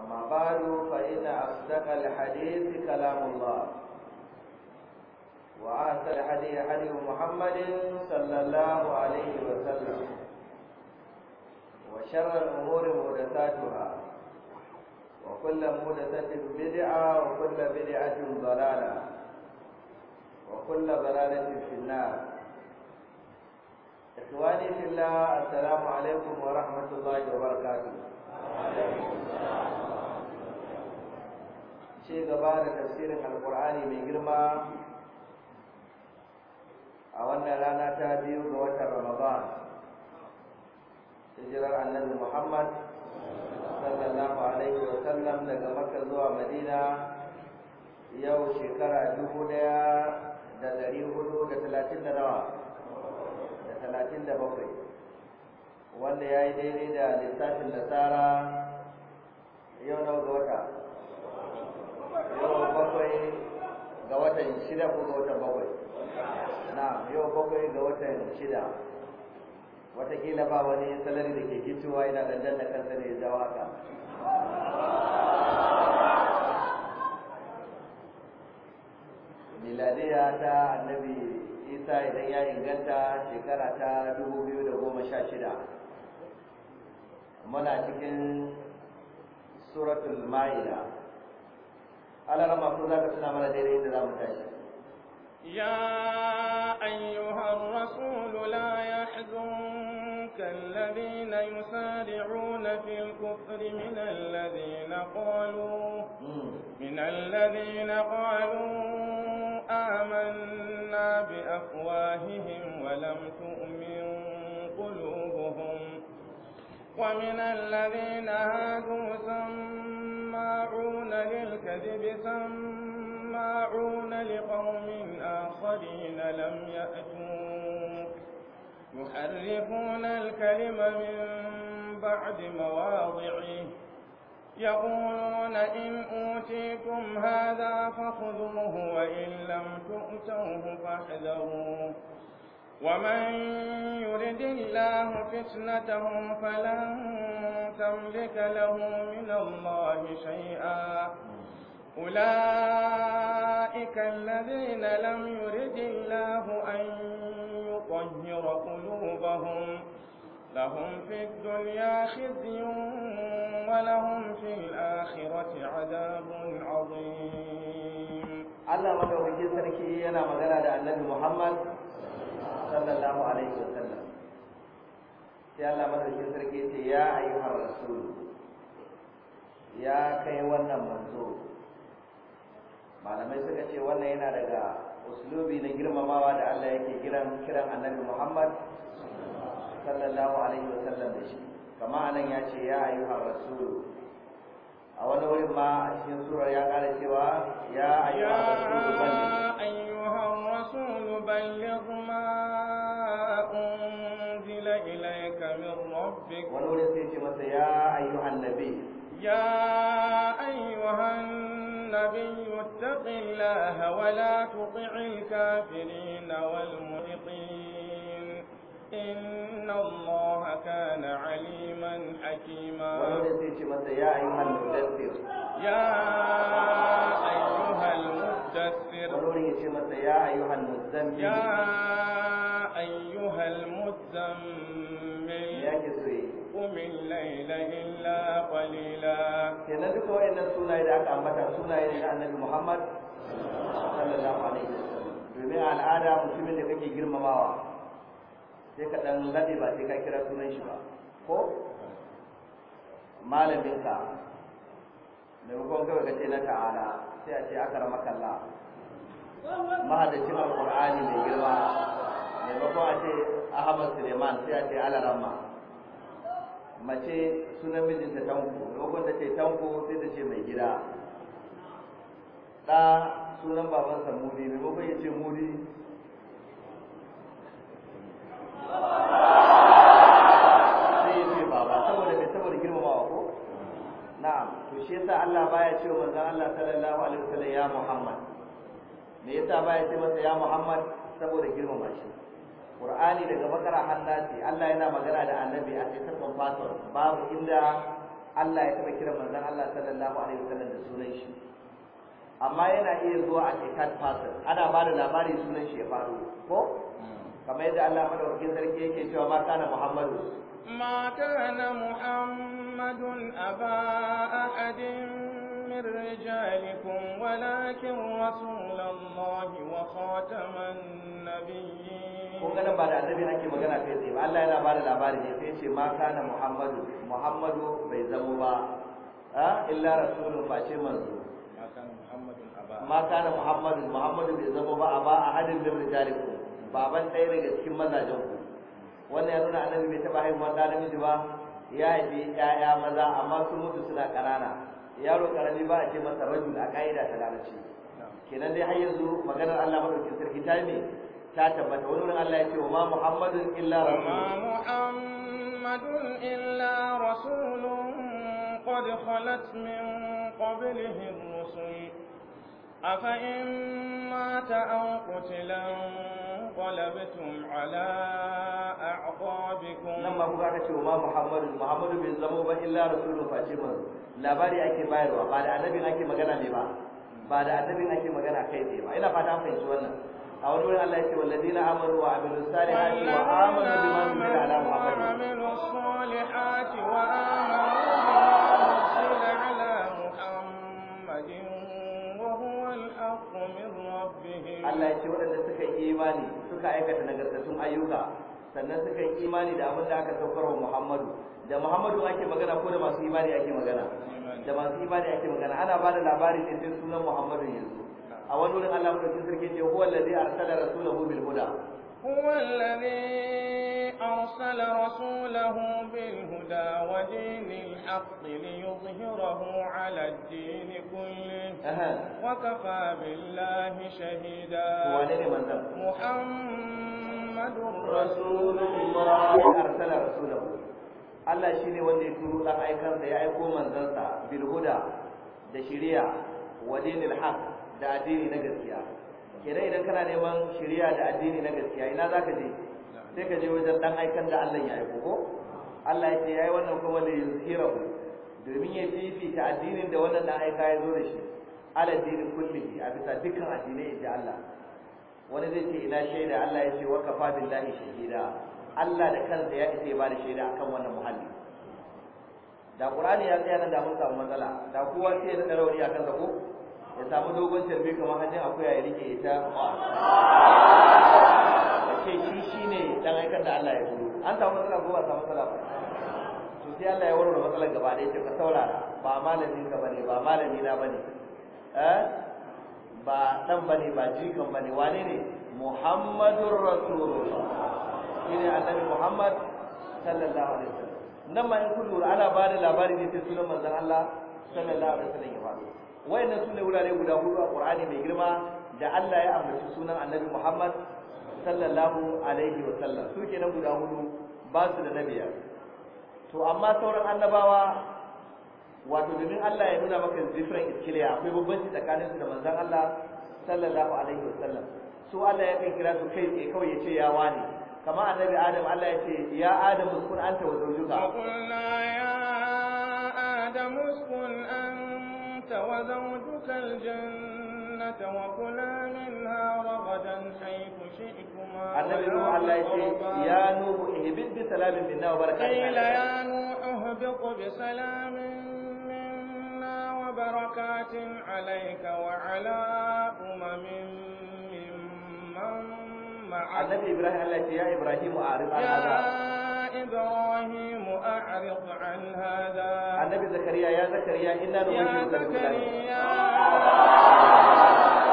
أما بعد فإن أصدق الحديث كلام الله وأحسن الحديث حديث محمد صلى الله عليه وسلم وشر الأمور محدثاتها وكل محدثة بدعة وكل بدعة ضلالة وكل ضلالة في النار إخواني في الله السلام عليكم ورحمة الله وبركاته وعليكم السلام ce gaba da tafsirin alkur'ani mai girma a wannan rana ta biyu ga watan ramadan hijirar annabi muhammad sallallahu alaihi wa sallam daga makka zuwa madina yau shekara dubu daya da dari hudu da talatin da nawa da talatin da bakwai wanda ya yi daidai da lissafin nasara yau na ga wata yau bakwai ga watan shida ko ga watan bakwai na yau bakwai ga watan shida watakila ba wani salari da ke fitowa yana dandan da kansa ne ya jawo haka miladiya ta annabi isa idan ya inganta shekara ta dubu biyu da goma sha shida muna cikin suratul ma'ida ala rama ko za ka tuna mana يا أيها الرسول لا يحزنك الذين يسارعون في الكفر من الذين قالوا من الذين قالوا آمنا بأفواههم ولم تؤمن قلوبهم ومن الذين هادوا سمعوا سماعون للكذب سماعون لقوم آخرين لم يأتوك يحرفون الكلم من بعد مواضعه يقولون إن أوتيكم هذا فخذوه وإن لم تؤتوه فاحذروه ومن يرد الله فتنته فلن تملك له من الله شيئا أولئك الذين لم يرد الله أن يطهر قلوبهم لهم في الدنيا خزي ولهم في الآخرة عذاب عظيم الله مدعو جزرك ينا مغلا لأنه محمد صلى الله عليه وسلم sai Allah madaukakin sarki ce ya ayyuhar rasul ya kai wannan manzo malamai suka ce wannan yana daga uslubi na girmamawa da Allah yake kiran kiran annabi Muhammad sallallahu alaihi wa sallam da shi kama anan ya ce ya ayyuhar rasul a wani wurin ma a cikin surar ya kara cewa ya ayyuhar rasul balligh ma ربك ونور سيتي متى يا أيها النبي يا أيها النبي اتق الله ولا تطع الكافرين والمعطين إن الله كان عليما حكيما ونور سيتي متى يا أيها المدثر يا أيها المدثر ونور سيتي متى يا أيها المدثر يا ko wayannan sunaye da aka ambata sunaye ne na annabi Muhammad sallallahu alaihi wasallam domin al'ada mutumin da kake girmamawa sai ka dan gade ba sai ka kira sunan shi ba ko malamin ka da kuma ka ce na ta'ala sai a ce aka rama kalla mahadacin alqur'ani mai girma da kuma a ce Ahmad Suleiman sai a ce alarama mace sunan mijinta tanku maimakon ta ce tanko sai ta ce mai gida ɗa sunan babansa mudi maimakon ya ce mudi sai ya ce baba saboda mai saboda ba ko na'am to shi yasa Allah baya ce wa manzon Allah sallallahu alaihi wasallam ya Muhammad me yasa baya ce masa ya Muhammad saboda girmama shi Qur'ani daga bakara hannati Allah yana magana da annabi a cikin fatar babu inda Allah ya taɓa kira manzon Allah sallallahu alaihi wasallam da sunan shi amma yana iya zuwa a cikin third ana ba da labari sunan shi ya faru ko kamar yadda Allah madaukakin sarki yake cewa ma kana Muhammadu ma kana Muhammadun aba من رجالكم ولكن رسول الله وخاتم النبيين ba da annabi ake magana kai tsaye ba Allah bada ma Muhammadu Muhammadu bai zama ba a ma ba a hadin baban ɗaya daga cikin mazajen ku wannan ya nuna annabi bai taɓa haihuwar ɗa namiji ba ya yi ɗaya maza amma sun mutu suna ƙanana yaro karami ba a ce masa rajul a ka'ida ta lalace kenan dai har yanzu maganar Allah madaukakin sarki ta ne ta tabbata wani wurin Allah ya ce wa ma muhammadun illa rasul muhammadun illa rasulun qad khalat min qablihi rusul أفإن مات أو قتلا انقلبتم على أعقابكم لما هو قاعد ما محمد محمد بن زمو إلا رسول فاتيما labari ake bayarwa ba da annabin ake magana ne ba ba da annabin ake magana kai ne ba ina fata an fahimci wannan a wani wurin Allah yake walladina amanu wa amilu salihati wa amanu Allah ya ce waɗanda suka yi imani suka aikata nagartattun ayyuka sannan suka yi imani da abin da aka saukar wa Muhammadu da Muhammadu ake magana ko da masu imani ake magana da masu imani ake magana ana ba da labari ne sai sunan Muhammadu yanzu a wani wurin Allah mutum sarki ce huwa allazi arsala rasulahu bil huda huwa allazi أرسل رسوله بالهدى ودين الحق ليظهره على الدين كله وكفى بالله شهيدا محمد رسول الله أرسل رسوله Allah shi ne wanda ya turo ɗan da ya aiko manzansa bilhuda da shiriya wa dinil haq da addini na gaskiya kenan idan kana neman shiriya da addini na gaskiya ina za ka je sai ka je wajen dan aikan da Allah ya aiko ko Allah ya ce yayi wannan kuma da yuzhirahu domin ya fifita addinin da wannan dan aika ya zo da shi ala dinin kullihi a bisa dukkan addinai ya Allah wani zai ce ina shaida Allah ya ce wa kafa billahi shahida Allah da kansa ya ce ba da shaida akan wannan muhalli da Qur'ani ya tsaya nan da mun samu matsala da kowa sai ya da rauni akan sa ko ya samu dogon tarbi kamar hajjin akuya ya rike ita ce shi ne dan aikar da Allah ya turo an samu matsala ko ba samu matsala ba to sai Allah ya warware matsalar gaba da yake ka saurara ba malamin ka bane ba malami na bane eh ba dan bane ba jikan bane wane ne Muhammadur Rasulullah ne annabi Muhammad sallallahu alaihi wasallam nan ma in kun lura ana ba da labari ne sai sunan manzon Allah sallallahu alaihi wasallam ya faɗo wayannan sune wurare guda hudu a Qur'ani mai girma da Allah ya ambaci sunan annabi Muhammad sallallahu alaihi wa sallam su kenan guda hudu ba su da nabiya to amma sauran annabawa wato domin Allah ya nuna maka different iskiliya akwai bambanci tsakanin su da manzon Allah sallallahu alaihi wa sallam su Allah ya kira su kai tsaye kawai ya ce ya wani kama annabi Adam Allah ya ce ya Adam uskun anta wa zawjuka ya Adam anta wa aljanna الجنة وكلا منها رغدا حيث شئتما النبي نوح الله يشي يا نوح اهبط بسلام منا وبركات قيل يا نوح اهبط بسلام منا وبركات عليك وعلى أمم ممن معك النبي إبراهيم الله يشي يا إبراهيم أعرض عن هذا إبراهيم أعرض عن هذا النبي زكريا يا زكريا إنا نبشرك بغلام يا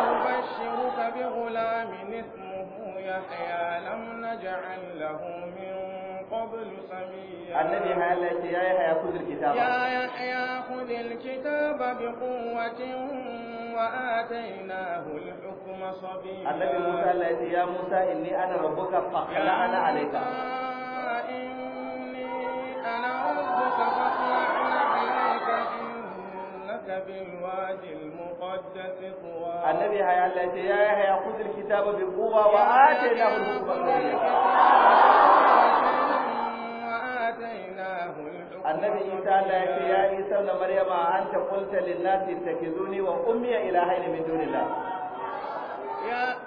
أبشرك بغلام اسمه يحيى لم نجعل له من قبل سميا النبي هل يا يحيى خذ الكتاب يا يحيى خذ الكتاب بقوة وآتيناه الحكم صبيا النبي موسى يا موسى إني أنا ربك أنا عليك إني أنعوذك فاطلعنا عليك إنك بالوادي المقدس طوى النبي هيا التي يا يحيى خذ الكتاب بقوة وآتيناه الحكم النبي عيسى الله يا عيسى ابن مريم أنت قلت للناس اتخذوني وأمي إلهين من دون الله يا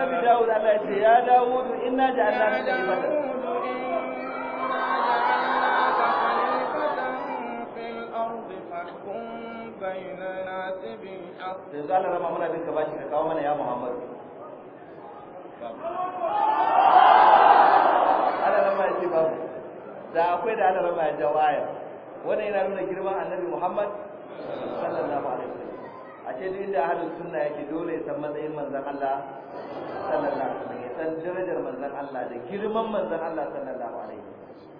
annabi Dawud Allah ya ce ya Dawud inna ja'alnaka khalifatan sai rama muna bin ka bashi ka kawo mana ya Muhammad ana rama ya ce babu da akwai da ana rama ya jawaya wannan yana nuna girman annabi Muhammad sallallahu alaihi a ce duk da ahlus sunna yake dole ya san matsayin manzon Allah sallallahu alaihi wasallam ya san darajar manzon Allah da girman manzon Allah sallallahu alaihi wasallam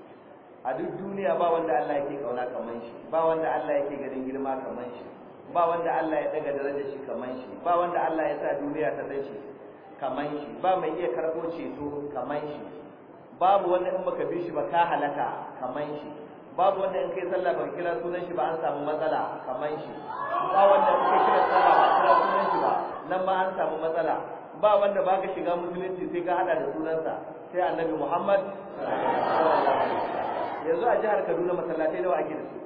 a duk duniya ba wanda Allah yake kauna kaman shi ba wanda Allah yake garin girma kaman shi ba wanda Allah ya daga darajar shi kaman shi ba wanda Allah ya sa duniya ta san shi kaman shi ba mai iya karbo ceto kaman shi babu wanda in baka bi shi ba ka halaka kaman shi babu wanda in kai sallah ba kira sunan shi ba an samu matsala kaman shi ba wanda in kai kira sallah ba kira sunan shi ba nan ba an samu matsala ba wanda baka shiga musulunci sai ka hada da sunansa sai annabi Muhammad yanzu a jihar Kaduna masallatai nawa ake da su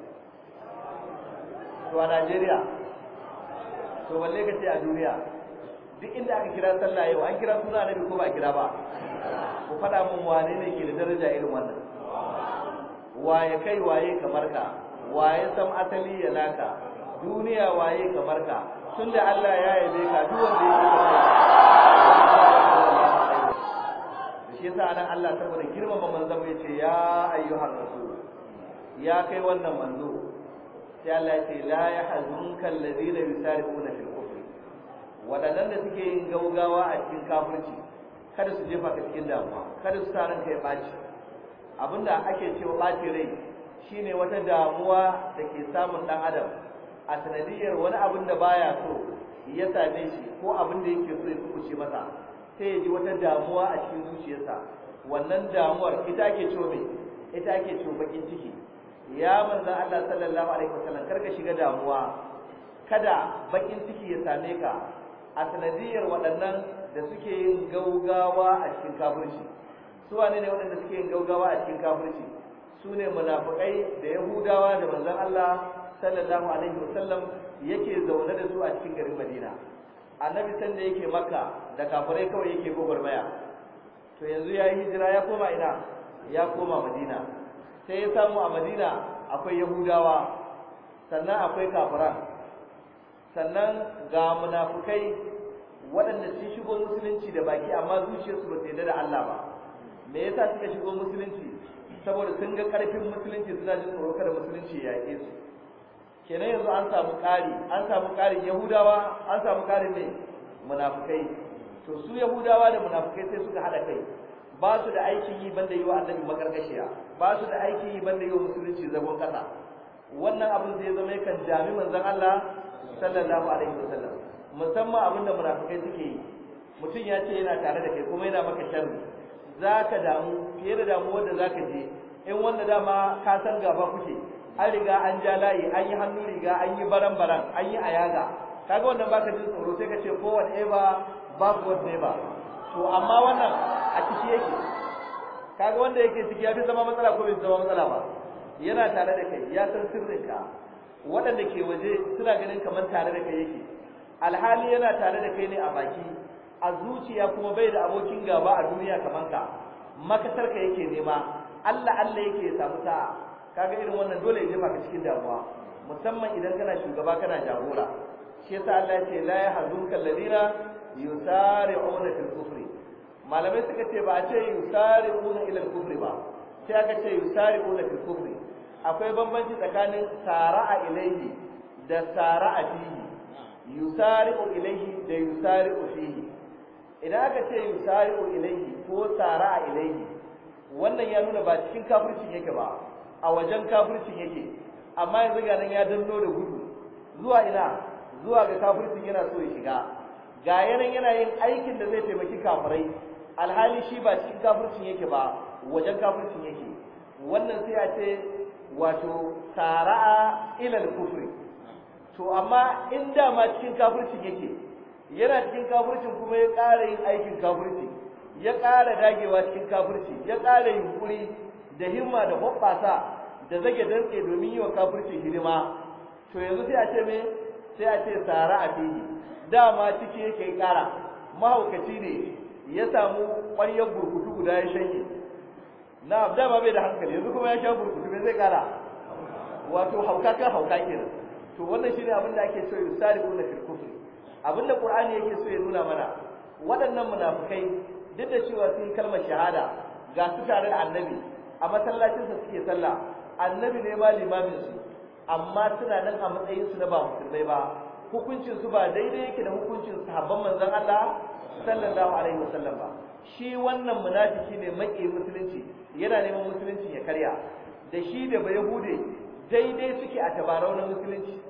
to a Najeriya to balle ka ce a duniya duk inda aka kira sallah yau an kira sunan annabi ko ba kira ba ku faɗa min wane ne ke da daraja irin wannan waye kai waye kamar ka waye san asali ya laka duniya waye kamar ka tunda Allah ya yabe ka duk wanda ya yi shi yasa nan Allah saboda girmama manzon ya ce ya ayyuhar rasul ya kai wannan manzo sai Allah ya ce la yahzunka alladhina yusariquna fil kufri wadannan da suke yin gaugawa a cikin kafirci kada su jefa ka cikin damuwa kada su sa ka ya baci abinda ake cewa ɓaci rai shine wata damuwa da ke samun ɗan adam a sanadiyar wani abin da baya so ya same shi ko abin da yake so ya kuce masa sai ya ji wata damuwa a cikin zuciyarsa wannan damuwar ita ake cewa mai ita ake cewa bakin ciki ya manzo Allah sallallahu alaihi wasallam karka shiga damuwa kada baƙin ciki ya same ka a sanadiyar waɗannan da suke yin gaugawa a cikin kafirci su wane ne waɗanda suke yin gaugawa a cikin kafirci su ne munafukai da yahudawa da manzon Allah sallallahu alaihi wasallam yake zaune da su a cikin garin Madina annabi san da yake makka da kafirai kawai yake gwagwarmaya to yanzu ya yi hijira ya koma ina ya koma madina sai ya samu a madina akwai yahudawa sannan akwai kafiran sannan ga munafukai waɗanda sun shigo musulunci da baki amma zuciyarsu ba su yarda da Allah ba me yasa suka shigo musulunci saboda sun ga karfin musulunci suna jin tsoro kada musulunci ya yake su kenan yanzu an samu ƙari an samu ƙarin yahudawa an samu ƙarin ne munafukai to su yahudawa da munafukai sai suka haɗa kai ba su da aikin yi banda yi wa annabi makarkashiya ba su da aikin yi banda yi wa musulunci zagon ƙasa wannan abin zai zama yakan jami manzon Allah sallallahu alaihi wasallam musamman abin da munafukai suke yi mutum ya ce yana tare da kai kuma yana maka sharri za ka damu fiye da damuwar da za ka je in wanda dama ka san gaba kuke an riga an ja layi an yi hannu riga an yi baran baran an yi ayaga kaga wannan baka jin tsoro sai ka ce ko whatever backward ba. to amma wannan a ciki yake kaga wanda yake ciki ya fi zama matsala ko bai zama matsala ba yana tare da kai ya san sirrinka waɗanda ke waje suna ganin kamar tare da kai yake alhali yana tare da kai ne a baki a zuciya kuma bai da abokin gaba a duniya kamar ka makasar ka yake nema Allah Allah yake samu ta kaga irin wannan dole ya jefa ka cikin damuwa musamman idan kana shugaba kana jagora shi yasa Allah ya ce la yahzunka alladhina yusari'una fil kufri malamai suka ce ba a ce yusari'una ila al kufri ba sai aka ce yusari'una fil kufri akwai bambanci tsakanin sara'a ilayhi da sara'a fihi yusari'u ilayhi da yusari'u fihi idan aka ce yusari'u ilaihi ko tsara a ilaihi wannan ya nuna ba cikin kafircin yake ba a wajen kafircin yake amma yanzu ga nan ya danno da gudu zuwa ina zuwa ga kafircin yana so ya shiga ga yanan yana yin aikin da zai taimaki kafirai alhali shi ba cikin kafircin yake ba wajen kafircin yake wannan sai a ce wato a ilal kufri to amma inda ma cikin kafircin yake yana cikin kafircin kuma ya ƙara yin aikin kafirci ya ƙara dagewa cikin kafirci ya ƙara yin kuri da himma da hoɓɓasa da zage dantse domin yi wa kafirci hidima to yanzu sai a ce me sai a ce tsara a fili dama ciki yake ƙara mahaukaci ne ya samu ƙwaryar burkutu guda ya shanye na dama bai da hankali yanzu kuma ya sha burkutu me zai ƙara wato hauka kan hauka kenan to wannan shine abin da ake cewa ko na kufri Abin abinda qur'ani yake so ya nuna mana waɗannan munafikai duk da cewa sun kalmar shahada ga su tare da annabi a masallacin sa suke sallah annabi ne ma limamin su amma suna nan a matsayin su na ba musulmai ba hukuncin su ba daidai yake da hukuncin sahabban manzon Allah sallallahu alaihi wasallam ba shi wannan munafiki ne maƙi musulunci yana neman musulunci ya karya da shi da ba yahude daidai suke a tabarau na musulunci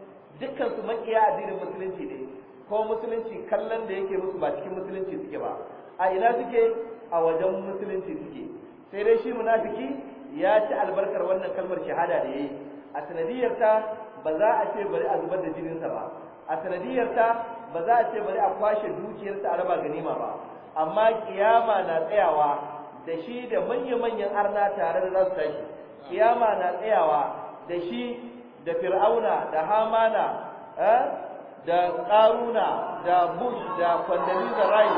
dukkan su maƙiya addinin musulunci ne ko musulunci kallon da yake musu ba cikin musulunci suke ba a ina suke a wajen musulunci suke sai dai shi munafiki ya ci albarkar wannan kalmar shahada da yayi a sanadiyar ta ba za a ce bari a zubar da jinin sa ba a sanadiyar ba za a ce bari a kwashe dukiyar sa a raba ganima ba amma kiyama na tsayawa da shi da manya-manyan arna tare da za su tashi kiyama na tsayawa da shi da fir'auna da hamana eh? da ƙaruna da bush da kwandali da rai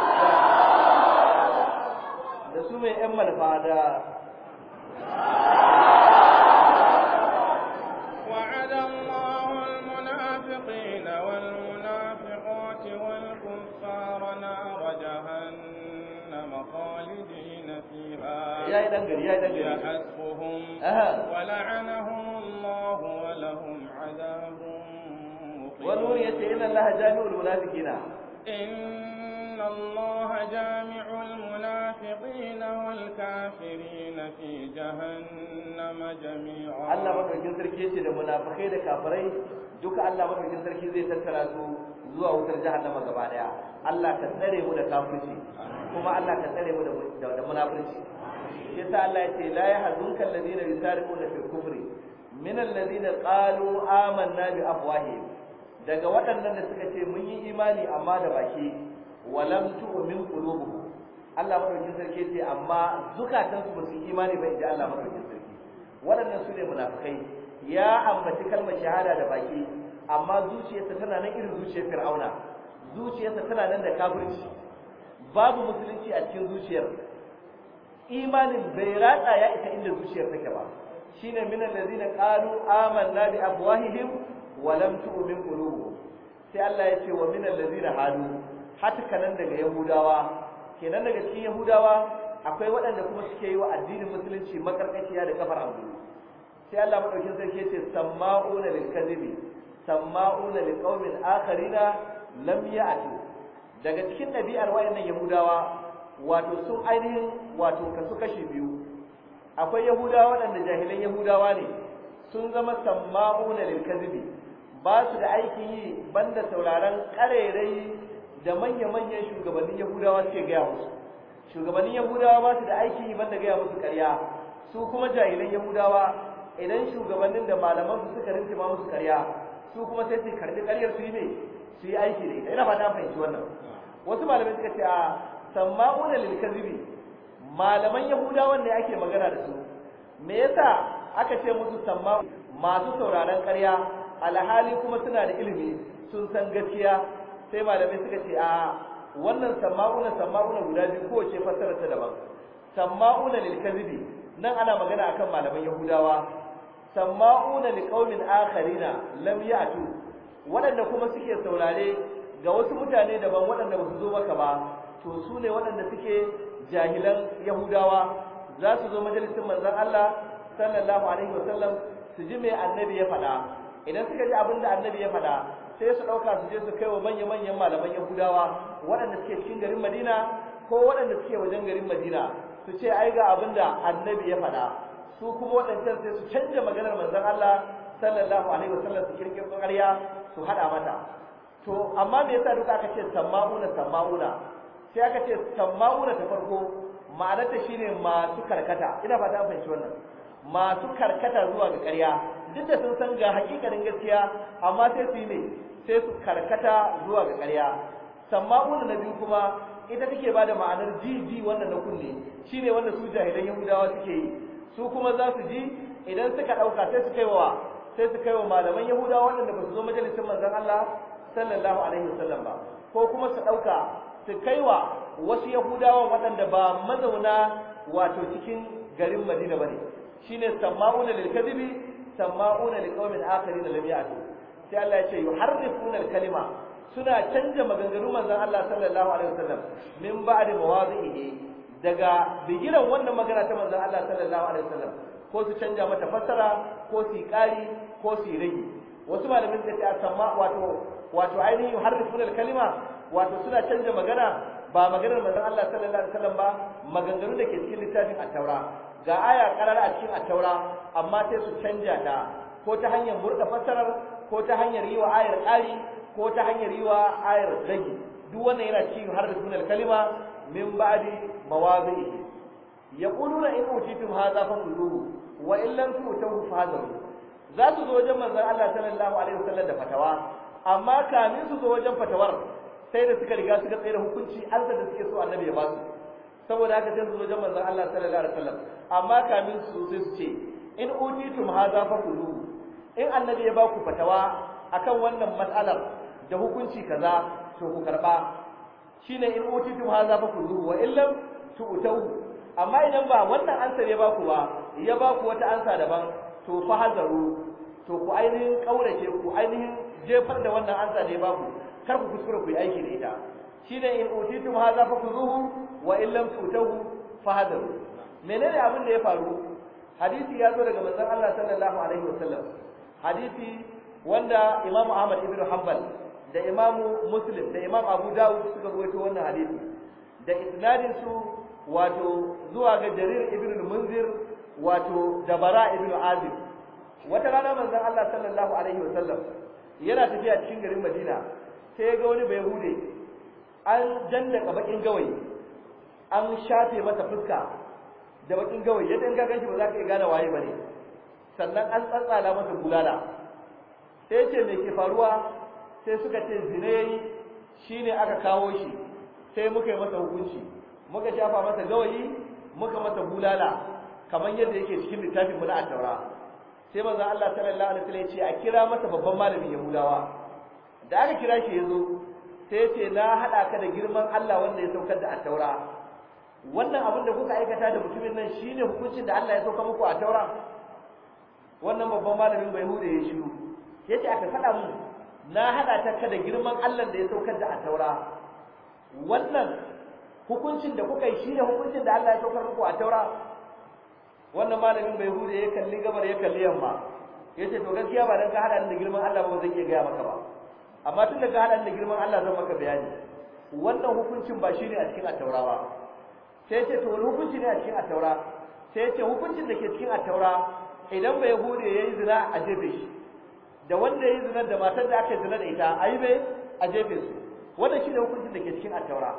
da su mai ‘yan malfa da يا حسبهم ولعنهم rasul yace inna allaha jami'ul munafiqina inna allaha jami'ul munafiqina wal kafirina fi jahannam jami'a Allah madaukin sarki yace da munafikai da kafirai duka Allah madaukin sarki zai tattara su zuwa wutar jahannama gaba daya Allah ka tsare mu da kafirci kuma Allah ka tsare mu da da munafirci yasa Allah yace la yahzunka alladhina yusariquna fil kufri min alladhina qalu amanna bi afwahihim daga waɗannan da suka ce mun yi imani amma da baki walam tu'min qulubuhum Allah madaukin sarki ce amma zukatansu su su imani ba idan Allah madaukin sarki waɗannan su ne munafikai ya ambaci kalmar shahada da baki amma zuciyarsa tana nan irin zuciyar Fir'auna zuciyarsa tana nan da kafirci babu musulunci a cikin zuciyar imanin bai ratsa ya ita inda zuciyar take ba shine min allazina qalu amanna bi afwahihim walam tu'min qulubuhum sai Allah ya ce wa min allazina hadu hatta nan daga yahudawa kenan daga cikin yahudawa akwai waɗanda kuma suke yi wa addinin musulunci makarkaciya da kafar abu sai Allah madaukin sarki yace ce lil kadhibi samma'una lil qaumin akharina lam ya'tu daga cikin ɗabi'ar wayannan yahudawa wato sun ainihin wato kasu kashi biyu akwai yahudawa waɗanda jahilan yahudawa ne sun zama samma'una lil kadhibi ba su da aikin yi banda sauraron karerai da manya-manyan shugabannin yahudawa suke gaya musu shugabannin yahudawa ba su da aikin yi banda gaya musu karya su kuma jahilan yahudawa idan shugabannin da malaman su suka ma musu karya su kuma sai su karbi karyar su yi ne su yi aiki da ita ina na fahimci wannan wasu malamai suka ce a samma'una lil malaman yahudawan ne ake magana da su me yasa aka ce musu samma masu sauraron karya alhali kuma suna da ilimi sun san gaskiya sai malamai suka ce a wannan sama'una sama'una guda biyu kowace fassara ta daban sama'una lil kadhibi nan ana magana akan malaman yahudawa sama'una li qaumin akharina lam ya'tu waɗanda kuma suke saurare ga wasu mutane daban waɗanda basu zo maka ba to su ne waɗanda suke jahilan yahudawa za su zo majalisin manzon Allah sallallahu alaihi wasallam su ji me annabi ya faɗa idan suka ji abin da annabi ya faɗa sai su ɗauka su je su kai wa manya-manyan malaman yahudawa waɗanda suke cikin garin madina ko waɗanda suke wajen garin madina su ce ai ga abin da annabi ya faɗa su kuma waɗancan sai su canja maganar manzon Allah sallallahu alaihi wa sallam su kirkiro ƙarya su haɗa mata to amma me yasa duka aka ce samma'una samma'una sai aka ce samma'una ta farko ma'anarta shine masu karkata ina fata an fahimci wannan masu karkata zuwa ga ƙarya duk da sun san ga hakikanin gaskiya amma sai su yi ne sai su karkata zuwa ga ƙarya sama'un na biyu kuma ita take bada ma'anar jiji wannan na kunne shine wanda su jahilan yahudawa suke yi su kuma za su ji idan suka ɗauka sai su kaiwa sai su kaiwa malaman yahudawa waɗanda ba su zo majalisin manzon Allah sallallahu alaihi wasallam ba ko kuma su ɗauka su wa wasu yahudawa waɗanda ba mazauna wato cikin garin Madina bane shine sama'una lil kadhibi sama'una li qaumin akharin lam ya'tu sai Allah ya ce yuharrifuna al-kalima suna canja maganganu manzon Allah sallallahu alaihi wasallam min ba'di mawazihi daga bigiran wannan magana ta manzon Allah sallallahu alaihi wasallam ko su canja mata fassara ko su kari ko su rage wasu malamin da ta sama wato wato ainihin yuharrifuna al-kalima wato suna canja magana ba maganar manzon Allah sallallahu alaihi wasallam ba maganganu da ke cikin littafin at-taura ga aya karar a cikin ataura amma sai su canja ta ko ta hanyar murda fassarar ko ta hanyar yi wa ayar ƙari ko ta hanyar yi wa ayar rage duk wannan yana cikin har da kalima min ba'di mawazi'i yaquluna in utitum hadha faquluhu wa in lam fa fahadharu za su zo wajen manzon Allah sallallahu alaihi wasallam da fatawa amma kamin su zo wajen fatawar sai da suka riga suka tsere hukunci an da suke so annabi ya ba su saboda haka sai su wajen manzon Allah sallallahu alaihi wasallam amma kamin su sai su ce in utitum hadha fakulu in annabi ya baku fatawa akan wannan matsalar da hukunci kaza to ku karba shine in utitum hadha fakulu wa illam tu'tahu amma idan ba wannan ansar ya baku ba ya baku wata ansa daban to fa hazaru to ku ainihin kaurace ku ainihin jefar da wannan ansa da ya baku kar ku kuskura ku yi aiki da ita shine in utitum hadha fakhuzuhu wa in lam tutahu menene abin da ya faru hadisi ya zo daga manzon Allah sallallahu alaihi wasallam hadisi wanda Imam Ahmad ibn Hanbal da Imam Muslim da Imam Abu Dawud suka rawaito wannan hadisi da isnadin su wato zuwa ga Jarir ibn Munzir wato da Bara ibn Azib wata rana manzon Allah sallallahu alaihi wasallam yana tafiya cikin garin Madina sai ya ga wani bai hude an a bakin gawayi an shafe mata fuska da bakin gawayi yadda in ga ganshi ba za ka iya gane waye ba ne sannan an tsantsala masa bulala sai ce me ke faruwa sai suka ce zina yayi ne aka kawo shi sai muka yi masa hukunci muka shafa masa gawayi muka mata bulala kamar yadda yake cikin littafin mu na taura sai manzo Allah sallallahu alaihi wasallam ya ce a kira mata babban malamin Yahudawa da aka kira shi zo. sai ce na hada ka da girman Allah wanda ya saukar da at-taura wannan abin da kuka aikata da mutumin nan shine hukuncin da Allah ya sauka muku a taura wannan babban malamin bai hude ya shiru ce aka faɗa mu na hada ta ka da girman Allah da ya saukar da at-taura wannan hukuncin da kuka yi shine hukuncin da Allah ya saukar muku a taura wannan malamin bai hude ya kalli gabar ya kalli yamma yace to gaskiya ba dan ka hada da girman Allah ba zan iya ga maka ba amma tun da ka hada da girman Allah zan maka bayani wannan hukuncin ba shine a cikin at-taura ba sai ce to wani hukunci ne a cikin at-taura sai ce hukuncin da ke cikin at-taura idan bai ya yayi zina a jefe shi da wanda yayi zina da matar da aka zina da ita ai bai a jefe su wannan shine hukuncin da ke cikin at-taura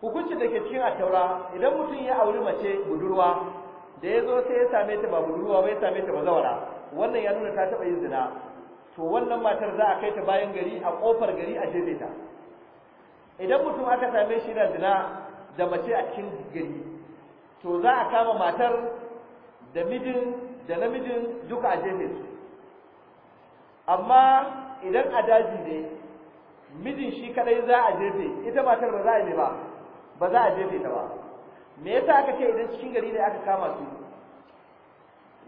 hukuncin da ke cikin at-taura idan mutum ya auri mace budurwa da ya zo sai ya same ta ba budurwa ba ya same ta bazawara wannan ya nuna ta taɓa yin zina to wannan matar za a kai ta bayan gari a kofar gari a jefe ta idan mutum aka same shi da zina da mace a cikin gari to za a kama matar da mijin da namijin duka a jefe su amma idan a daji ne mijin shi kadai za a jefe ita matar ba za a ne ba ba za a jefe ta ba me yasa aka ce idan cikin gari ne aka kama su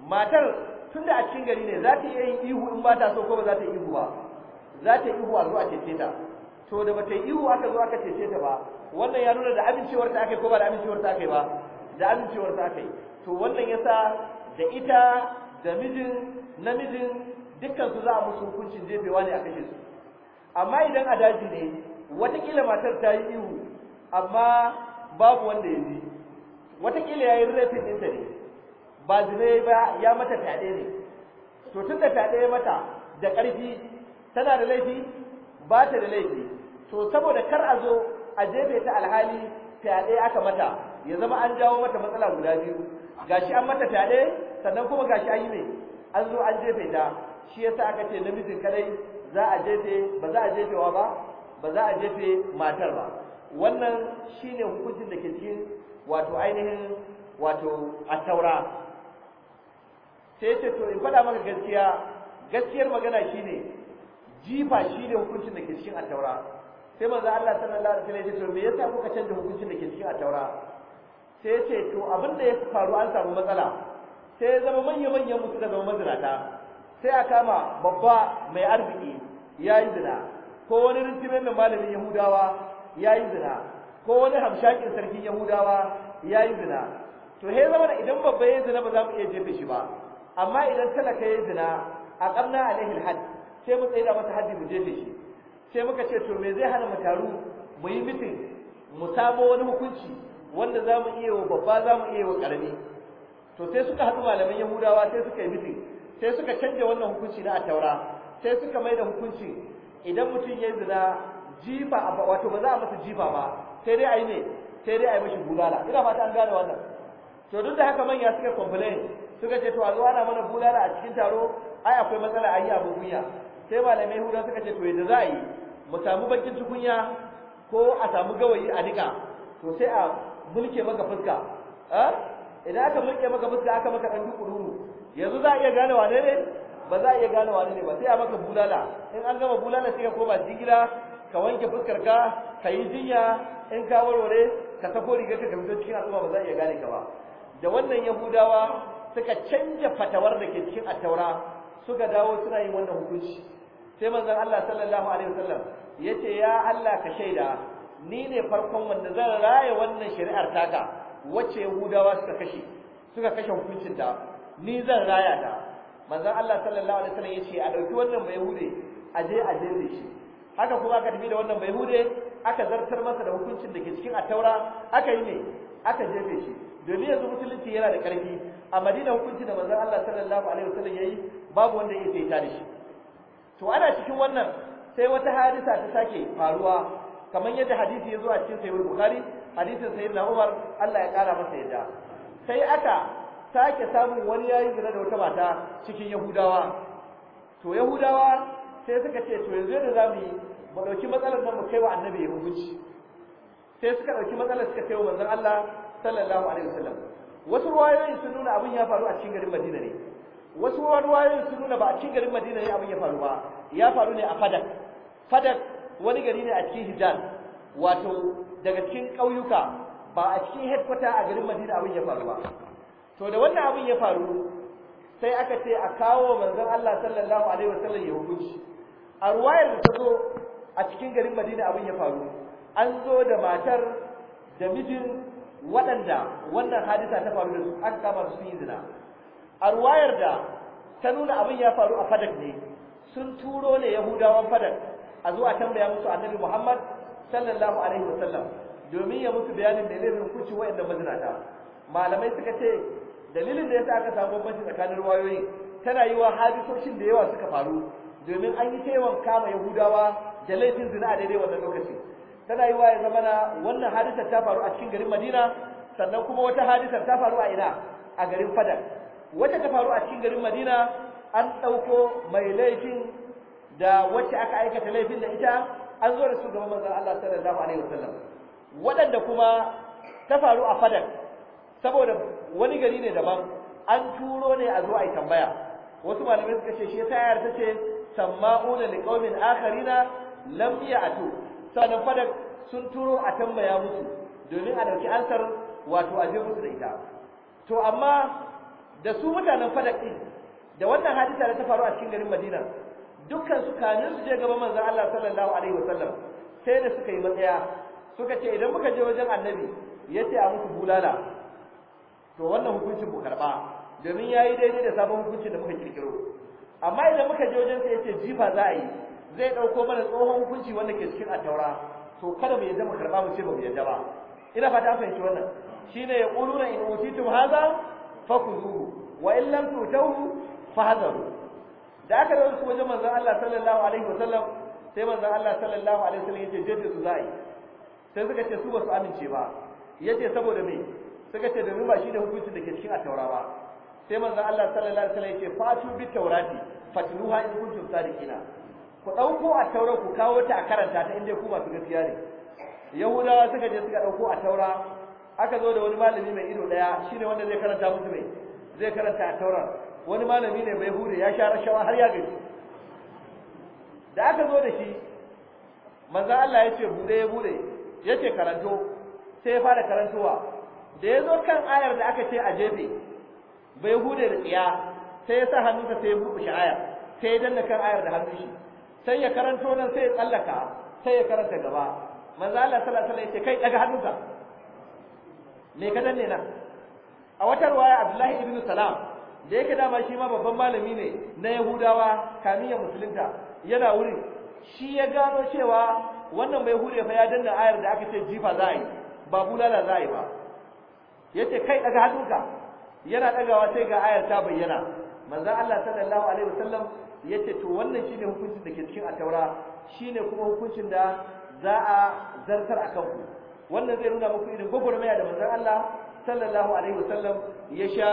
matar tunda a cikin gari ne za ta iya yin ihu in ba ta so ko ba za ta ihu ba za ta ihu a zuwa a cece ta to da ba yi ihu aka zo aka cece ta ba wannan ya nuna da amincewar ta yi ko ba da amincewar ta yi ba da amincewar ta yi to wannan yasa da ita da mijin namijin dukkan su za a musu hukuncin jefewa ne a kashe su amma idan a daji ne watakila matar ta yi ihu amma babu wanda ya ji watakila ya yi rafin ɗinta ne ba zina ba ya mata fyaɗe ne to tun da fyaɗe mata da ƙarfi tana da laifi ba ta da laifi to saboda kar a zo a jefe ta alhali fyaɗe aka mata ya zama an jawo mata matsala guda biyu gashi an mata fyaɗe sannan kuma gashi an yi me an zo an jefe ta shi yasa aka ce namijin kadai za a jefe ba za a jefewa ba ba za a jefe matar ba wannan shine hukuncin da ke cikin wato ainihin wato a taura. sai ya ce to in faɗa maka gaskiya gaskiyar magana shine jifa shine hukuncin da ke cikin attaura sai manzo Allah sallallahu alaihi wasallam ya ce to me yasa kuka canza hukuncin da ke cikin attaura sai ya ce to abin da ya faru an samu matsala sai ya zama manya manyan mutu da zama mazinata sai a kama babba mai arziki ya yi zina ko wani rintimen mai malamin yahudawa ya yi zina ko wani hamshakin sarkin yahudawa ya yi zina to he zama da idan babba ya zina ba za mu iya jefe shi ba amma idan talaka yayin zina aqamna alaihi alhad sai mu tsaya masa haddi mu da shi sai muka ce to me zai hana mu taru mu yi mitin mu samo wani hukunci wanda zamu iya wa babba zamu iya wa karami to sai suka haɗu malaman yahudawa sai suka yi mitin sai suka canje wannan hukunci na taura sai suka mai da hukunci idan mutum ya zina jifa wato ba za a masa jifa ba sai dai ayi ne sai dai a mishi mashi bulala ina fata an gane wannan to duk da haka manya suka complain suka ce to a zo ana mana bulala a cikin taro ai akwai matsala a yi abu kunya sai malamai huda suka ce to yadda za a yi mu samu bakin tukunya ko a samu gawayi a dika to sai a mulke maka fuska idan aka mulke maka fuska aka maka ɗan dukururu yanzu za a iya gane wane ne ba za a iya gane wane ne ba sai a maka bulala in an gama bulala sai ka koma jigila ka wanke fuskar ka ka yi jinya in ka warware ka tafi rigar ka ka fito cikin al'umma ba za a iya gane ka ba da wannan yahudawa suka canja fatawar da ke cikin attaura suka dawo suna yin wannan hukunci sai manzon Allah sallallahu alaihi wasallam yace ya Allah ka shaida ni ne farkon wanda zan raye wannan shari'ar taka wacce Yahudawa suka kashe suka kashe hukuncin ta ni zan raya ta manzon Allah sallallahu alaihi wasallam yace a dauki wannan bai hude a je a da shi haka kuma aka tafi da wannan bai hude aka zartar masa da hukuncin da ke cikin attaura aka yi ne aka jefe shi domin yanzu musulunci yana da ƙarfi a madina hukunci da manzon Allah sallallahu alaihi wasallam yayi babu wanda yake sai tare shi to ana cikin wannan sai wata hadisa ta sake faruwa kamar yadda hadisi ya zo a cikin sahih bukhari hadisin sayyidina Umar Allah ya kara masa yadda sai aka sake samun wani yayi zina da wata mata cikin Yahudawa to Yahudawa sai suka ce to yanzu yadda zamu yi mu dauki matsalar nan mu kai wa annabi ya hukunci sai suka dauki matsalar suka kai wa manzon Allah sallallahu alaihi wasallam wasu ruwayoyin sun nuna abin ya faru a cikin garin Madina ne wasu ruwayoyin sun nuna ba a cikin garin Madina ne abin ya faru ba ya faru ne a Fadak Fadak wani gari ne a cikin Hijaz wato daga cikin ƙauyuka ba a cikin headquarter a garin Madina abin ya faru ba to da wannan abin ya faru sai aka ce a kawo manzon Allah sallallahu alaihi wasallam ya hukunci a ruwayar da ta zo a cikin garin Madina abin ya faru an zo da matar da mijin waɗanda wannan hadisa ta faru da su aka kama su sun yi zina a ruwayar da ta nuna abin ya faru a fadak ne sun turo ne yahudawan fadak a zuwa tambaya musu annabi muhammad sallallahu alaihi wasallam domin ya musu bayanin dalilin kuci wa'anda mazinata malamai suka ce dalilin da ya sa aka samu bambanci tsakanin ruwayoyin tana yi wa hadisoshin da yawa suka faru domin an yi taiwon kama yahudawa da laifin zina a daidai wannan lokaci tana yi wa ya zama na wannan hadisar ta faru a cikin garin madina sannan kuma wata hadisar ta faru a ina a garin fadar Wata ta faru a cikin garin madina an ɗauko mai laifin da wacce aka aikata laifin da ita an zo da su gaba manzon Allah sallallahu alaihi Sallam. waɗanda kuma ta faru a fadar saboda wani gari ne daban an turo ne a zo a yi tambaya wasu malamai suka ce shi yasa yar ta ce samma'una liqaumin akharina lam ya'tu sannan fadak sun turo a tambaya musu domin a dauki ansar wato a je musu da ita to amma da su mutanen fadak din da wannan hadisa da ta faru a cikin garin Madina dukkan su kanin su je gaban manzon Allah sallallahu alaihi wasallam sai da suka yi matsaya suka ce idan muka je wajen annabi yace a muku bulala to wannan hukuncin ku karba domin yayi daidai da sabon hukuncin da muka kirkiro amma idan muka je wajen sa yace jifa za a yi zai dauko mana tsohon hukunci wanda ke cikin attaura to kada mu yadda mu karba mu ce ba mu yadda ba ina fata an fahimci wannan shine ya quluna in utitum hadha fakuzuhu wa in lam tutuhu fahadaru da aka dawo su wajen manzon Allah sallallahu alaihi wasallam sai manzon Allah sallallahu alaihi wasallam yace jaddu su zai sai suka ce su ba su amince ba yace saboda me suka ce domin ba shi da hukuncin da ke cikin attaura ba sai manzon Allah sallallahu alaihi wasallam yace fatu bi taurati fatluha in kuntum sadiqina ku ɗauko a taura ku kawo ta a karanta ta inda ku masu gaskiya ne yahudawa suka je suka ɗauko a taura aka zo da wani malami mai ido ɗaya shine wanda zai karanta musu mai zai karanta a taura wani malami ne mai hure ya sha rashawa har ya gaji da aka zo da shi manzo Allah ya ce bude ya bude ya ce karanto sai ya fara karantowa da ya zo kan ayar da aka ce a jefe bai hude da tsiya sai ya sa hannunsa sai ya buɗe shi ayar sai ya danna kan ayar da hannun shi sai ya karanto nan sai ya tsallaka sai ya karanta gaba manzo Allah sallallahu alaihi wasallam kai daga hannunka me ka danne nan a wata ruwaya Abdullahi ibn Salam da yake ma shi ma babban malami ne na Yahudawa kamiyya musulunta yana wurin shi ya gano cewa wannan bai hure fa ya danna ayar da aka ce jifa za a yi ba bulala za yi ba yace kai daga hannunka yana dagawa sai ga ayar ta bayyana manzo Allah sallallahu alaihi wasallam yace to wannan shine hukuncin da ke cikin ataura shine kuma hukuncin da za a zartar akan ku wannan zai nuna muku irin gwagwarmaya da manzon Allah sallallahu alaihi wasallam ya sha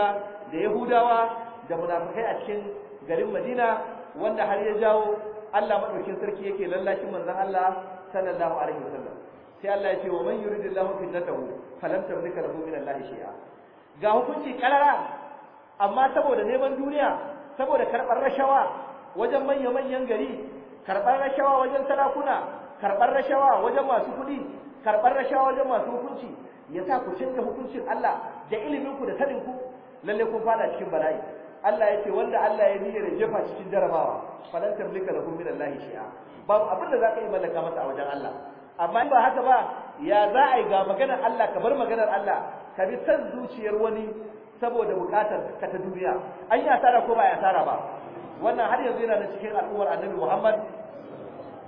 da Yahudawa da munafikai a cikin garin Madina wanda har ya jawo Allah madaukin sarki yake lallashin manzon Allah sallallahu alaihi wasallam sai Allah ya ce wa man yuridillahu fitnatahu falam tamlika lahu min Allah shay'a ga hukunci karara amma saboda neman duniya saboda karɓar rashawa wajen manya-manyan gari karɓar rashawa wajen sarakuna karɓar rashawa wajen masu kuɗi karɓar rashawa wajen masu hukunci ya sa ku canza hukuncin Allah da iliminku da saninku lalle kun fada cikin bala'i Allah ya ce wanda Allah ya niyyar jefa cikin jarabawa falan tamlika lahum min lahi shi'a babu abin da zaka yi mallaka masa a wajen Allah amma in ba haka ba ya za a yi ga maganar Allah ka bar maganar Allah ka bi san zuciyar wani saboda bukatar ka ta duniya an yi asara ko ba ya asara ba wannan har yanzu yana da cikin al'ummar annabi Muhammad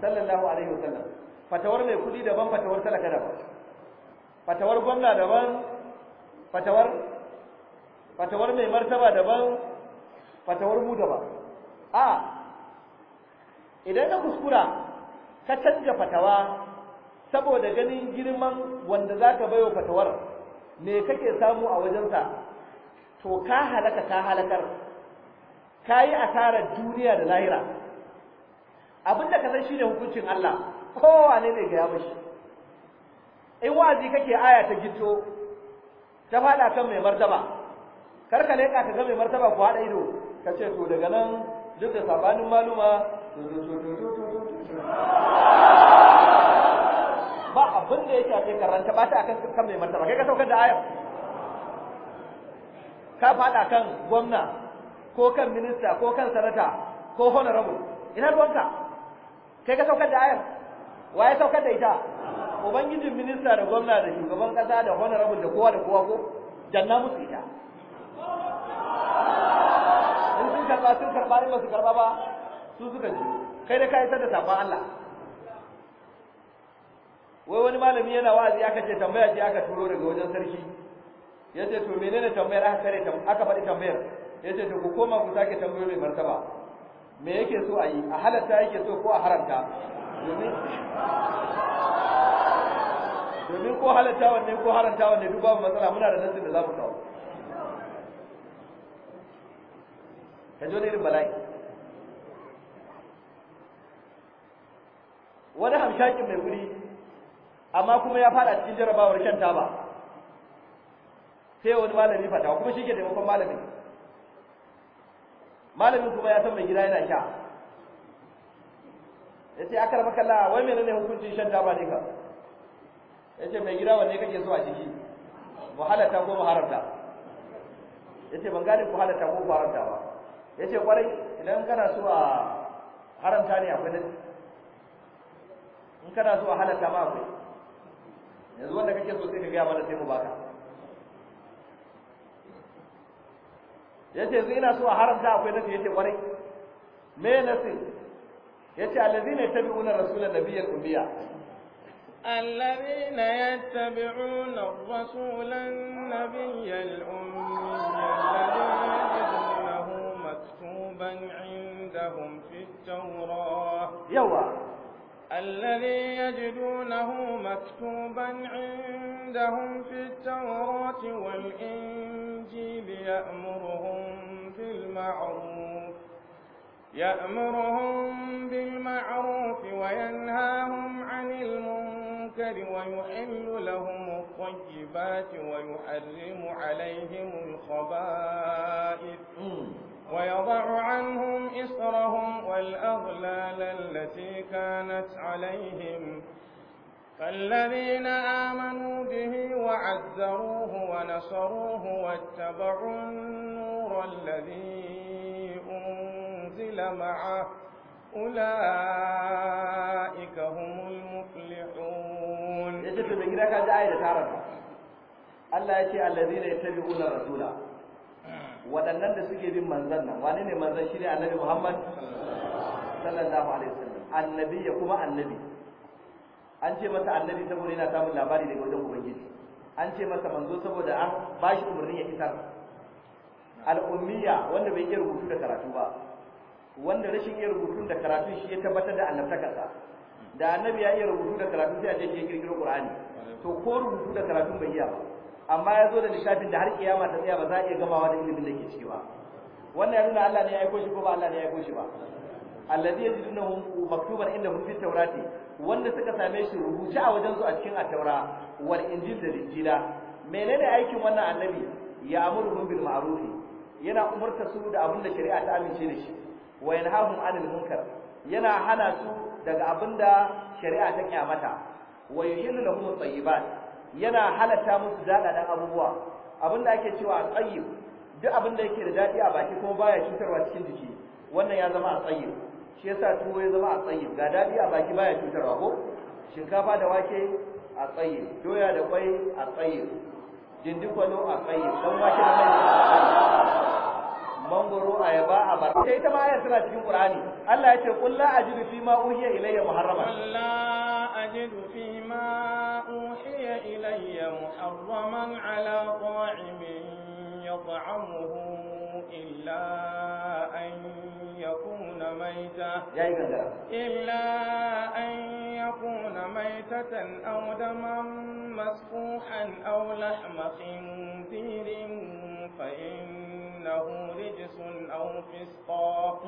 sallallahu alaihi wasallam fatawar mai kudi daban fatawar talaka daban fatawar gwamna daban fatawar fatawar mai martaba daban fatawar mu daban a idan ka kuskura ka canja fatawa saboda ganin girman wanda zaka bayo fatawar me kake samu a wajensa to ka halaka ka halakar ka yi asarar duniya da lahira abin da ka san shi ne hukuncin Allah wane ne ga ya mashi in wazi kake aya ta gito ta fada kan mai martaba karka leƙa ka ga mai martaba ku haɗa ido ka ce to daga nan duk da sabanin maluma ba abin da ya karanta ba ta akan kan mai martaba kai ka saukar da aya. ka fada kan gwamna ko kan minista ko kan sanata ko honorable ina ruwanka kai ka saukar da ayar wa ya saukar da ita ubangijin minista da gwamna da shugaban kasa da honorable da kowa da kowa ko janna musu ita in sun karba sun karba ne ba su karba ba su suka ji kai da ka isar da sabon Allah wai wani malami yana wa'azi aka ce tambaya ce aka turo daga wajen sarki ya ce to menene tambayar aka kare aka faɗi tambayar yace to ku koma ku sake tambayo mai martaba me yake so a yi a halatta yake so ko a haramta domin domin ko halatta wanne ko haramta wanne duk babu matsala muna da nasin da za mu kawo ka ji wani irin bala'i wani hamshakin mai wuri amma kuma ya fada cikin jarabawar shan taba sai wani malami fata kuma shi ke taimakon malamin malamin kuma ya san mai gida yana sha ya ce akar kalla, wai menene hukuncin shan taba ne ka ya ce mai gida wanne kake so a jiki? mu halatta ko mu haramta ya ce ban gane ku halatta ko ku haramta ba ya ce kwarai idan kana so a haramta ne akwai nan? in kana so a halatta ma akwai yanzu wanda kake so sai ka gaya mana sai mu baka yace yanzu ina so a haramta akwai nasi yace kwarai me nasi yace allazina yattabi'una rasulan nabiyyal umiya allazina yattabi'una rasulan nabiyyal umiya alladhi yajidunahu maktuban 'indahum fit tawrah yawa الذي يجدونه مكتوبا عندهم في التوراة والإنجيل يأمرهم بالمعروف يأمرهم بالمعروف وينهاهم عن المنكر ويحل لهم الطيبات ويحرم عليهم الخبائث ويضع عنهم إسرهم والأغلال التي كانت عليهم فالذين آمنوا به وعزروه ونصروه واتبعوا النور الذي أنزل معه أولئك هم المفلحون يجب أن يكون هذه آية تعرف الله يتي الذين يتبعون رسوله waɗannan da suke bin manzan nan wane ne manzan shi ne annabi Muhammad sallallahu alaihi wasallam annabi ya kuma annabi an ce masa annabi saboda yana samun labari daga wajen ubangiji an ce masa manzo saboda an ba shi umarni ya isar al'ummiya wanda bai iya rubutu da karatu ba wanda rashin iya rubutu da karatu shi ya tabbatar da annabtakarsa da annabi ya iya rubutu da karatu sai a je ya kirkiro qur'ani to ko rubutu da karatu bai iya ba amma ya zo da lissafin da har kiyama ta tsaya ba za a iya gamawa da ilimin da ke ciki ba wannan ya nuna Allah ne ya aiko shi ko ba Allah ne ya aiko shi ba alladhi maktubar maktuban indahum fi tawrati wanda suka same shi rubuce a wajen su a cikin ataura taura wal injil da injila menene aikin wannan annabi ya amuruhum bil ma'ruf yana umurta su da abin da shari'a ta amince da shi wa yanhahum anil munkar yana hana su daga abin da shari'a ta kyamata wa yuhillu lahum ba tayyibat yana halatta musu daɗaɗan abubuwa abinda da ake cewa a tsayyib duk abin da yake da daɗi a baki kuma baya cutarwa cikin jiki wannan ya zama a tsayyib shi yasa tuwo ya zama a tsayyib ga daɗi a baki baya cutarwa ko shinkafa da wake a tsayyib doya da kwai a tsayyib dindikwalo a tsayyib don wake da mai mangoro ayaba abar sai ita ma ayar tana cikin qur'ani Allah ya ce qul la ajidu fi ma uhiya ilayya muharrama qul la ajidu fi ma uhiya إلي محرما على طاعم يطعمه إلا أن يكون ميتا إلا أن يكون ميتة أو دما مسفوحا أو لحم خنزير فإنه رجس أو فسقا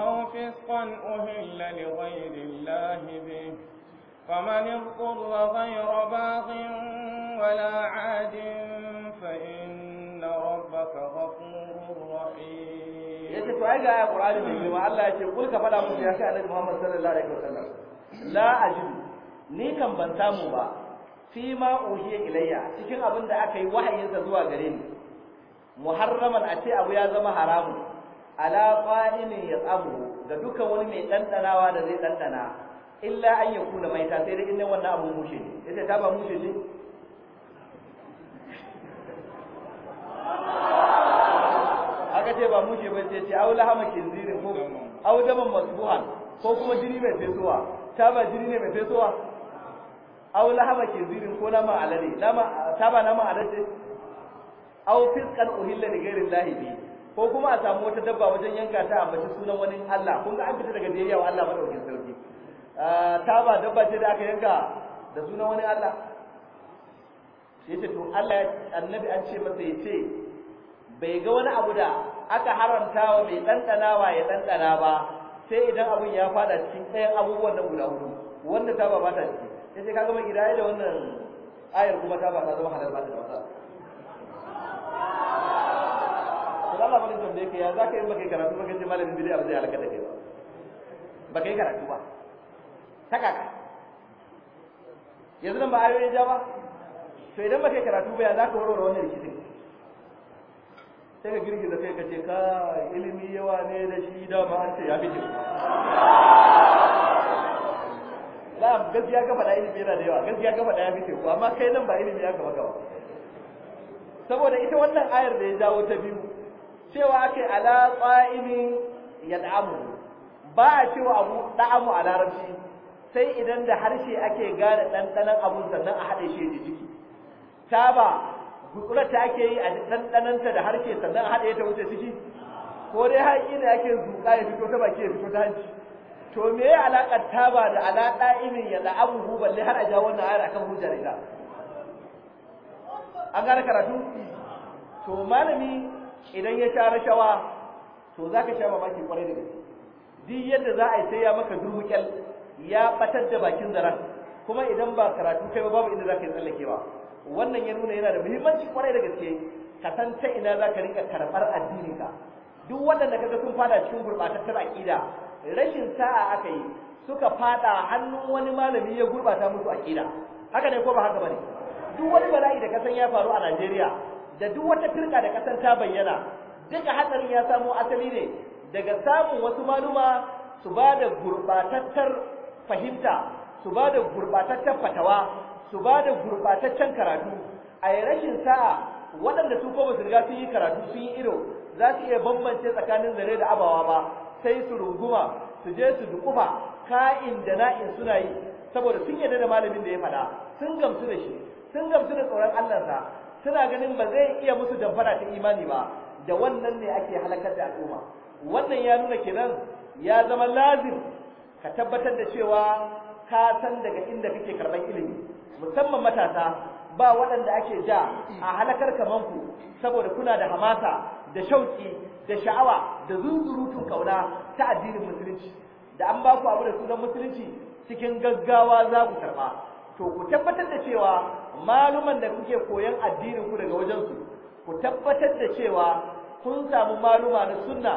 أو فسقا أهل لغير الله به فمن اضطر غير باغ ولا عاد فإن ربك غفور رحيم yace to ai ga aya Qur'ani mai girma Allah yace kul ka fada musu ya kai Annabi Muhammad sallallahu ni kan ban samu ba Sima ma uhiya ilayya cikin abin da aka yi wahayinsa zuwa gare ni muharraman a ce abu ya zama haramu ala qa'imin yasabu ga dukkan wani mai ɗanɗanawa da zai ɗanɗana. illa an ya kuna mai ta sai da inda wannan abun mushe ne ita ta ba mushe ne aka ce ba mushe ba ce ce au lahama kinzirin ko au daman masbuhan ko kuma jini mai fesowa ta ba jini ne mai fesowa au lahama kinzirin ko nama alade ta ba nama alade au fiskan uhilla da gairin lahibi ko kuma a samu wata dabba wajen yanka ta a mace sunan wani Allah kun ga an fita daga biyayya wa Allah madaukin sarki Ah, taba dabba ce da aka yanka da sunan wani Allah sai ce to Allah annabi an ce masa yace bai ga wani abu da aka haramtawa mai dandanawa ya dandana ba sai idan abun ya fada cikin ɗayan abubuwan da guda hudu wanda taba ba ta ciki sai kaga mai gidaya da wannan ayar kuma taba ta zama halal ba ta da Allah Ba Allah tambaye ka ya zaka yi maka karatu maka ce malamin bid'a ba zai halaka da kai ba ba kai karatu ba takaka yanzu nan ba ayoyin ja ba to idan ba kai karatu ba ya za ka warware wannan rikicin sai ka girgiza kai ka ce ka ilimi yawa ne da shi dama an ce ya fi na gaskiya ka faɗa ilimi yana da yawa gaskiya ka faɗa ya fi teku amma kai nan ba ilimi ya gaba gaba saboda ita wannan ayar da ya jawo ta biyu cewa ake ala tsa'imin ya da'amu ba a cewa abu da'amu a larabci sai idan da harshe ake gane ɗanɗanon abun sannan a haɗe shi da jiki taba gutsurar ta ake yi a ta da harshe sannan a haɗe ta wuce ciki ko dai haƙi da ake zuƙa ya fito ta baki ya fito ta hanci to me ya alaƙar taba da alaƙa irin ya la'abuhu balle har a ja wannan ayar akan da ita an gane karatu to malami idan ya sha rashawa to za ka sha mamaki kwarai da gaske duk yadda za a yi sai ya maka durmuƙyal ya batar da bakin zaran kuma idan ba karatu kai ba babu inda zaka yi ba wannan ya nuna yana da muhimmanci kwarai da gaske ka ta ina zaka rinka karɓar addininka duk wanda kaga sun fada cikin gurbatattar aƙida rashin sa'a aka yi suka fada hannu wani malami ya gurbata musu aƙida haka ne ko ba haka bane duk wani bala'i da kasan ya faru a Najeriya da duk wata firka da kasan ta bayyana duka hatsarin ya samo asali ne daga samun wasu maluma su ba da gurbatattar. fahimta su ba da gurɓataccen fatawa su ba da gurɓataccen karatu a yi rashin sa'a waɗanda su ko su riga sun yi karatu sun yi ido za su iya bambance tsakanin zare da abawa ba sai su runguma su je su dukuma ka'in da na'in suna yi saboda sun yadda da malamin da ya faɗa sun gamsu da shi sun gamsu da tsoron Allahnsa suna ganin ba zai iya musu damfara ta imani ba da wannan ne ake halakar da al'umma wannan ya nuna kenan ya zama lazim ka tabbatar da cewa ka san daga inda kake karɓar ilimi musamman matasa ba waɗanda ake ja a halakar kaman ku saboda kuna da hamasa da shauki da sha'awa da zuzurutun kauna ta addinin musulunci da an ba ku abu da sunan musulunci cikin gaggawa za ku karɓa to ku tabbatar da cewa maluman da kuke koyan addinin ku daga wajen su ku tabbatar da cewa kun samu maluma na sunna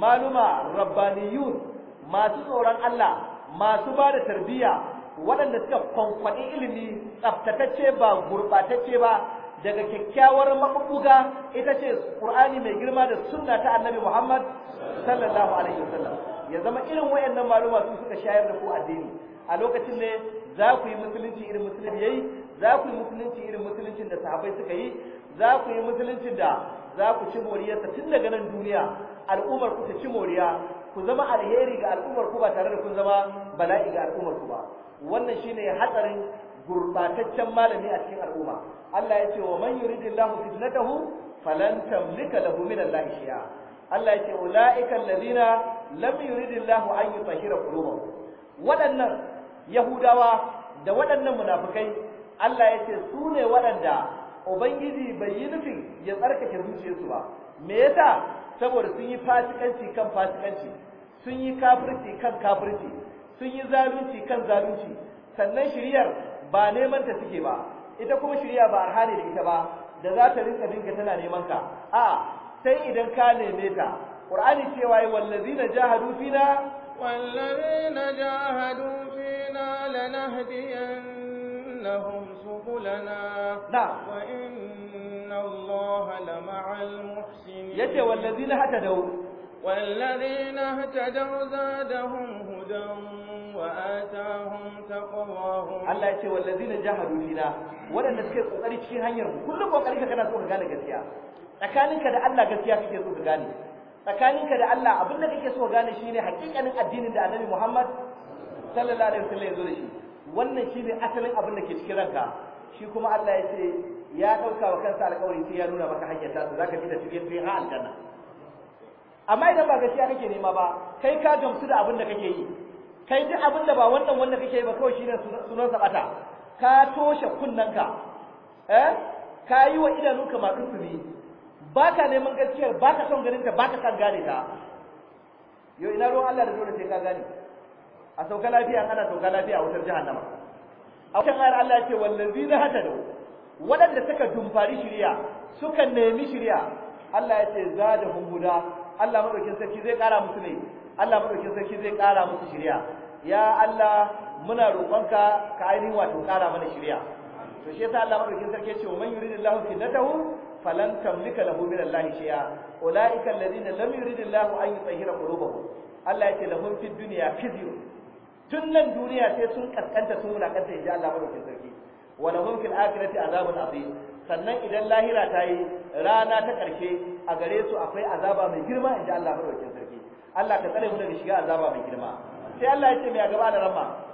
maluma rabbaniyun masu tsoron Allah masu ba da tarbiyya waɗanda suka kwankwaɗi ilimi tsaftatacce ba gurɓatacce ba daga kyakkyawar mabubuga ita ce Ƙur'ani mai girma da sunna ta Annabi Muhammad sallallahu alaihi wasallam ya zama irin wayannan maluma su suka shayar da ku addini a lokacin ne za ku yi musulunci irin musulmi yayi za ku yi musulunci irin musuluncin da sahabbai suka yi za ku yi musuluncin da za ku ci moriyarsa tun daga nan duniya al'ummar ku ta ci moriya ku zama alheri ga al'ummar ku ba tare da kun zama bala'i ga al'ummar ku ba wannan shine hatsarin gurbataccen malami a cikin al'umma Allah ya ce wa man yuridillahu fitnatahu falan tamlika lahu min Allah shay'a Allah ya ce ulaika alladhina lam yuridillahu an yutahhira qulubahum waɗannan yahudawa da waɗannan munafikai Allah ya ce su ne waɗanda ubangiji bai yi nufin ya tsarkake zuciyarsu ba me yasa saboda sun yi fasikanci kan fasikanci sun yi kafirci kan kafirci sun yi zalunci kan zalunci sannan shiryar ba neman ta suke ba ita kuma shiriya ba arhani ne da ita ba da za ta rinka dinka tana neman ka a sai idan ka neme ta qur'ani cewa ai wallazina jahadu fina wallazina jahadu fina lanahdiyan لهم سبلنا نعم وإن الله لمع المحسنين يتي والذين هتدوا والذين اهتدوا زادهم هدى وآتاهم تقواهم الله يتي والذين جاهدوا ولن cikin hanyar kullum kokari ka kana so ka gane gaskiya tsakaninka da Allah gaskiya kake so ka gane tsakaninka da Allah abin da kake so gane shine hakikanin addinin da Annabi Muhammad sallallahu alaihi wasallam ya zo da shi wannan shi ne asalin abin da ke cikin ranka shi kuma Allah ya ce ya dauka wa kansa alƙawari sai ya nuna maka hanyar tasu zaka ji da cikin sai ha aljanna amma idan ba gaskiya kake nema ba kai ka gamsu da abin da kake yi kai duk abin da ba wannan wanda kake yi ba kawai ne sunan sa bata ka toshe kunnanka eh ka yi wa idanunka masu tsiri ba ka neman gaskiyar ba ka son ganin ta ba ka san gane ta yau ina ruwan Allah da dole sai ka gane a sauka lafiya ana sauka lafiya a wutar jahannama a wutar ayar Allah ya ce wallazina hatadu waɗanda suka dumfari shirya suka nemi shirya Allah ya ce zadahum huda Allah madaukin sarki zai ƙara musu ne Allah madaukin sarki zai ƙara musu shirya ya Allah muna roƙonka ka ainihin wato ƙara mana shirya to shi yasa Allah madaukin sarki ya ce wa man yuridillahu fitnatahu falan tamlika lahu min Allah shay'a ulaika alladhina lam yuridillahu an yutahhira qulubahum Allah ya ce lahum fid dunya khizyun tun nan duniya sai sun kaskanta sun wulakanta inji Allah mai sarki wa hum fil akhirati azabun azim sannan idan lahira ta yi rana ta karshe a gare su akwai azaba mai girma inji Allah mai sarki Allah ka tsare mu daga shiga azaba mai girma sai Allah ya ce mai gaba da rama